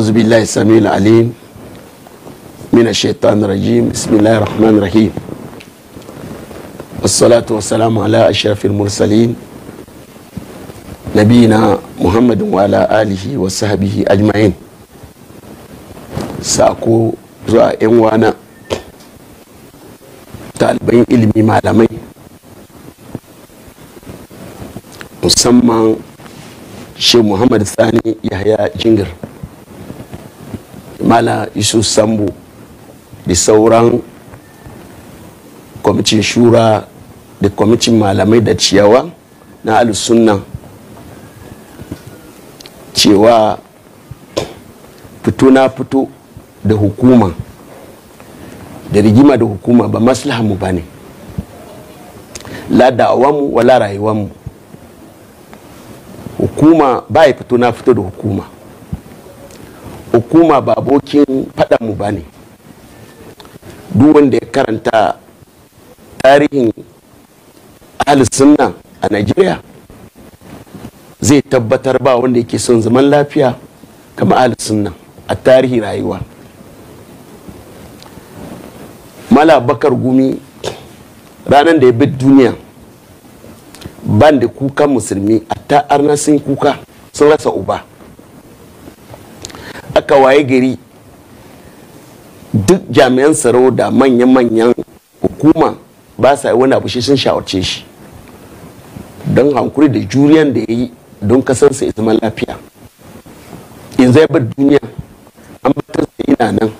أعوذ بالله السميع العليم من الشيطان الرجيم بسم الله الرحمن الرحيم والصلاة والسلام على أشرف المرسلين نبينا محمد وعلى آله وصحبه أجمعين سأكو زوا وانا ɗaliban ilimi malamai musamman shi muhammad sani yahaya jingir mala isu sambo da sauran kwamitin shura da kwamitin malamai da ciyawa na alusunna cewa fito na fito da hukuma da rigima da hukuma ba maslahanmu ba ne la da'awanmu wala rayuwanmu hukuma ba ya fito na fito da hukuma hukuma ba abokin mu ba ne duk wanda ya karanta tarihin sunna a najeriya zai tabbatar ba wanda yake son zaman lafiya kama sunna a tarihi rayuwa mala bakar gumi ranar da ya bi duniya ban da kuka musulmi a ta'ar sun kuka sun rasa uba kawaye gari duk jami'an tsaro da manya-manyan hukuma ba sa wani abu shi sun shawarce shi don hankuri da juriyan da ya yi don kasansa ya zama lafiya in zai bar duniya an batar da ina nan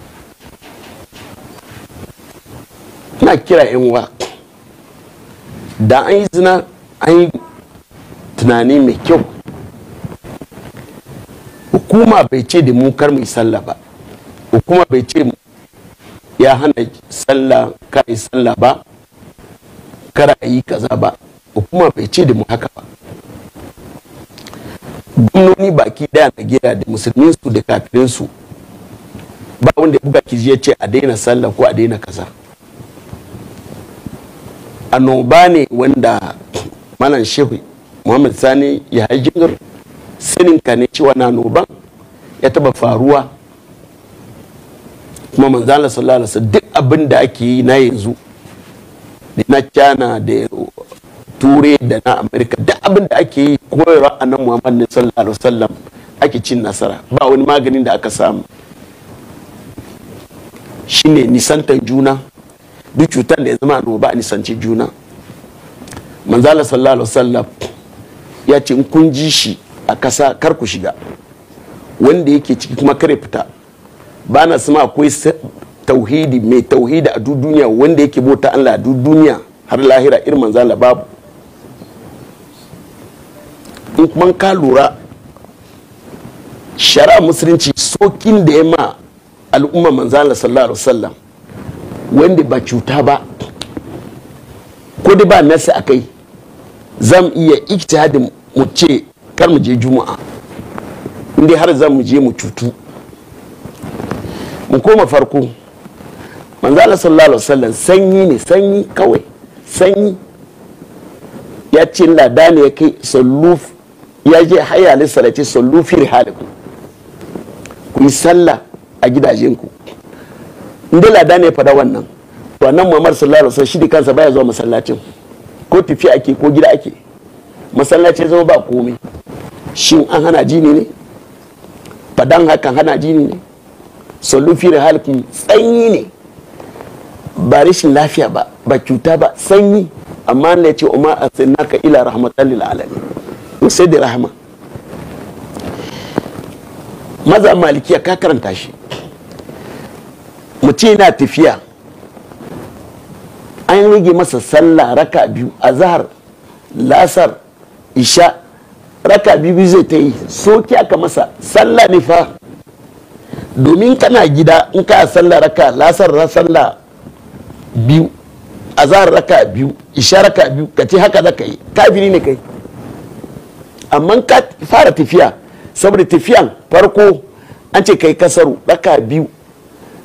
na kira yan wa da an yi zina an yi tunani mai kyau hukuma bai ce da mu kar mu sallah ba hukuma bai ce ya hana sallah ka yi sallah ba kar yi kaza ba hukuma bai ce da mu haka ba gwamnoni baki daya na gida da musulmin da kafirin su ba wanda ya buga kiji ya ce a daina sallah ko a daina kaza annoba ne wanda malam shehu muhammad sani ya hajjingar sanin ka ne cewa na noban ya taba faruwa kuma manzana sallallahu duk abin da ake yi na yanzu na china da ture da na amerika duk abin da ake yi koyarwa a muhammad ne sallallahu alaihi wasallam ake cin nasara ba wani maganin da aka samu shine nisantan juna duk cutar da ya zama ba a nisanci juna manzana sallallahu wasallam ya ce in kun ji shi a kasa kar ku shiga wanda yake ciki kuma kare fita ba na sama akwai tauhidi mai tauhidi a duniya wanda yake bauta Allah a duniya har lahira irin manzo Allah babu in kuma ka lura shari'a musulunci sokin da ya ma al'umma manzo Allah sallallahu alaihi wasallam wanda ba cuta ba ko da ba nasi akai zam iya ijtihadin mu ce kar mu je juma'a inda har zan mu je mu cutu mu koma farko manzo Allah sallallahu alaihi wasallam sanyi ne sanyi kawai sanyi ya ce lada ne ya kai salluf ya je haya ne salati sallufi rihalikum ku yi sallah a gidajenku inda lada ne ya fada wannan wannan muhammad sallallahu alaihi wasallam shi da kansa baya zuwa masallacin ko tafiya ake ko gida ake masallaci zama ba komai shin an hana jini ne fadan hakan hana jini ne solufi da halkin sanyi ne ba rashin lafiya ba ba cuta ba sanyi amma ne ce umar arsalnaka ila rahmatan lil alamin sai da rahama maza malikiya ka karanta shi mutum yana tafiya an rage masa sallah raka biyu a zahar lasar isha raka bibi zai ta yi soki aka masa sallah ne fa domin kana gida in ka sallah raka lasar sallah biyu azar raka biyu isha raka biyu ka ce haka za ka yi kafiri ne kai amma ka fara tafiya saboda tafiyan farko an ce kai kasaru raka biyu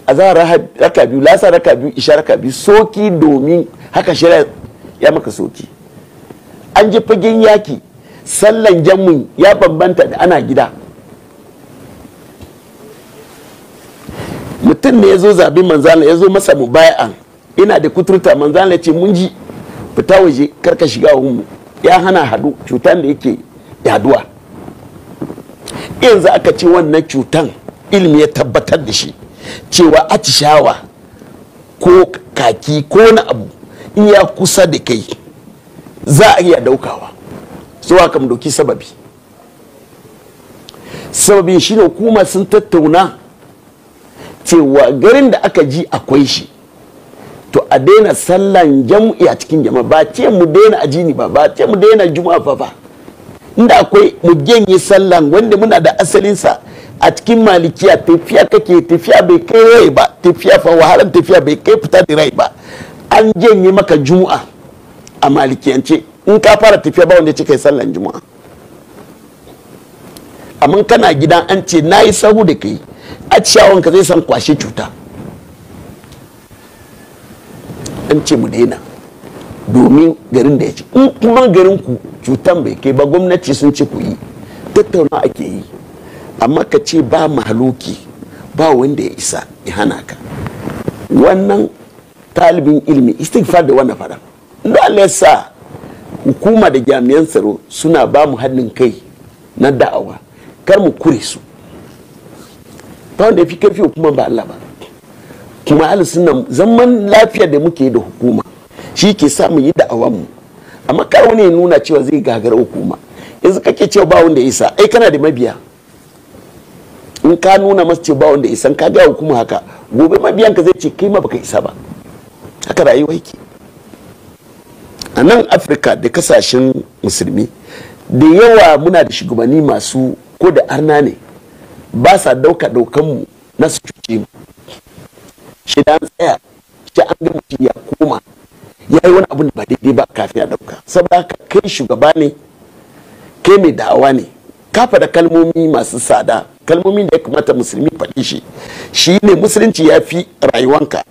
azar raka biyu lasar raka biyu isha raka biyu soki domin haka shirya ya maka soki an je fagen yaki sallan jam'u ya bambanta da ana gida mutum ne ya zo zabi manzana ya zo masa mu mubaya'an ina da kuturta manzana ya ce mun ji fita waje karka shiga mu ya hana hadu cutan da yake yaduwa yanzu aka ce wannan cutan ilmi ya tabbatar da shi cewa atishawa ko kaki ko na abu in ya kusa da kai za a iya daukawa zuwa kam doki sababi sababin shine hukuma sun tattauna cewa garin da aka ji akwai shi to a daina sallan jam'i a cikin jama'a ba ce mu daina ajini ba ba ce mu daina juma'a ba inda akwai mu janye sallan wanda muna da asalinsa a cikin malikiya tafiya kake tafiya bai kai rai ba tafiya fa wahalar tafiya bai kai fita da rai ba an janye maka juma'a a malikiyance in ka fara tafiya ba wanda ya ce kai sallan juma'a amma kana gidan an ce na yi sahu da kai a ciyawan ka zai san kwashe cuta an ce mu daina domin garin da ya ci in kuma garin ku cutan bai kai ba gwamnati sun ce ku yi tattauna ake yi amma ka ce ba mahaluki ba wanda ya isa ya hana ka wannan talibin ilimi istighfar da wannan fara da Allah hukuma da jami'an tsaro suna ba mu hannun kai na da'awa kar mu kure su ta wanda ya fi karfi hukuma ba Allah ba kuma ahli suna zaman lafiya da muke da hukuma shi ke sa mu yi da'awa mu amma kar wani ya nuna cewa zai gagara hukuma yanzu kake cewa ba wanda isa ai kana da mabiya in ka nuna masa cewa ba wanda isa ka ga hukuma haka gobe ka zai ce kai ma baka isa ba haka rayuwa yake a nan afirka da kasashen musulmi da yawa muna da shugabanni masu ko da arna ne ba sa dauka daukanmu na su cuce mu shi da an tsaya shi an ga mutum ya koma ya yi wani abin da ba daidai ba kafin ya dauka saboda haka kai shugaba ne kai mai da'awa ne ka da kalmomi masu tsada kalmomi da ya kamata musulmi faɗi shi shi ne musulunci ya fi rayuwanka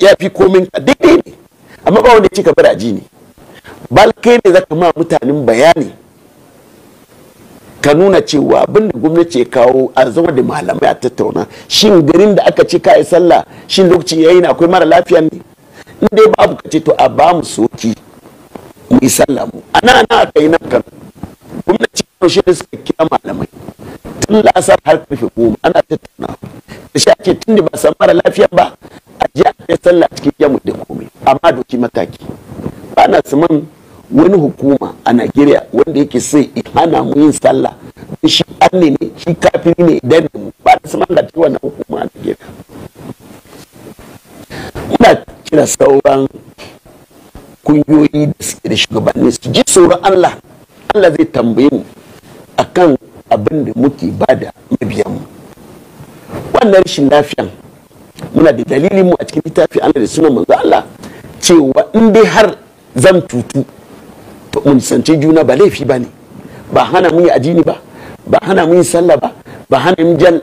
ya fi komin a daidai ne amma ba wanda ya ci ka bar aji ne bal kai ne zaka ma mutanen bayani ka nuna cewa abin da gwamnati ya kawo a zama da malamai a tattauna shin garin da aka ce kai sallah shin lokaci yayi na akwai mara lafiya ne in dai babu ka ce to a ba mu soki mu yi sallah mu ana ana aka yi nan kan gwamnati kawo shi suka kira malamai tun lasar har karfe goma ana tattauna da shi ake tun da ba san mara lafiya ba a je a kai sallah cikin yamu da komai amma doki mataki ba na saman wani hukuma a nigeria wanda yake sai ihana mu yin sallah shi an ne shi kafin ne idan mu ba na saman da na hukuma a nigeria. muna kira sauran kungiyoyi da suke da shugabanni su ji tsoron Allah Allah zai tambaye mu akan abin da muke bada mu. wannan rashin lafiyan muna da dalilin mu a cikin littafi Allah da suna manzo Allah cewa in dai har zan tutu to mun juna ba laifi ba ne ba hana mun yi ajini ba ba hana mun yi sallah ba ba hana mun jan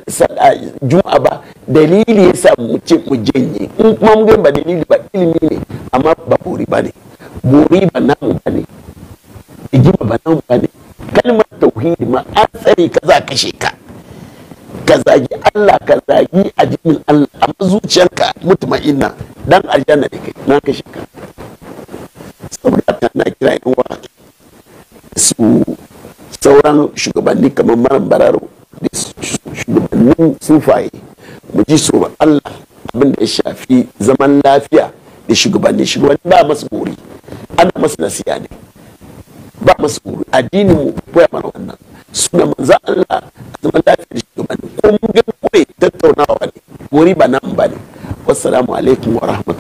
juma'a ba dalili yasa mu ce mu janye in kuma mun ba dalili ba ilimi ne amma ba bori ba ne bori ba namu ba ne igima ba namu ba ne kalmar tauhidi ma an tsare ka za kashe ka Allah amma zuciyarka mutma'inna dan aljanna ne kai na kashe ka saboda ta na kira yan wa su sauran shugabanni kamar maran bararo da shugabannin sufaye mu ji tsoron Allah abin da ya shafi zaman lafiya da shugabanni shugabanni ba masu bori ana masu nasiya ne ba masu bori addinin mu koya mana wannan suna manzo Allah wassalamu alaikum wa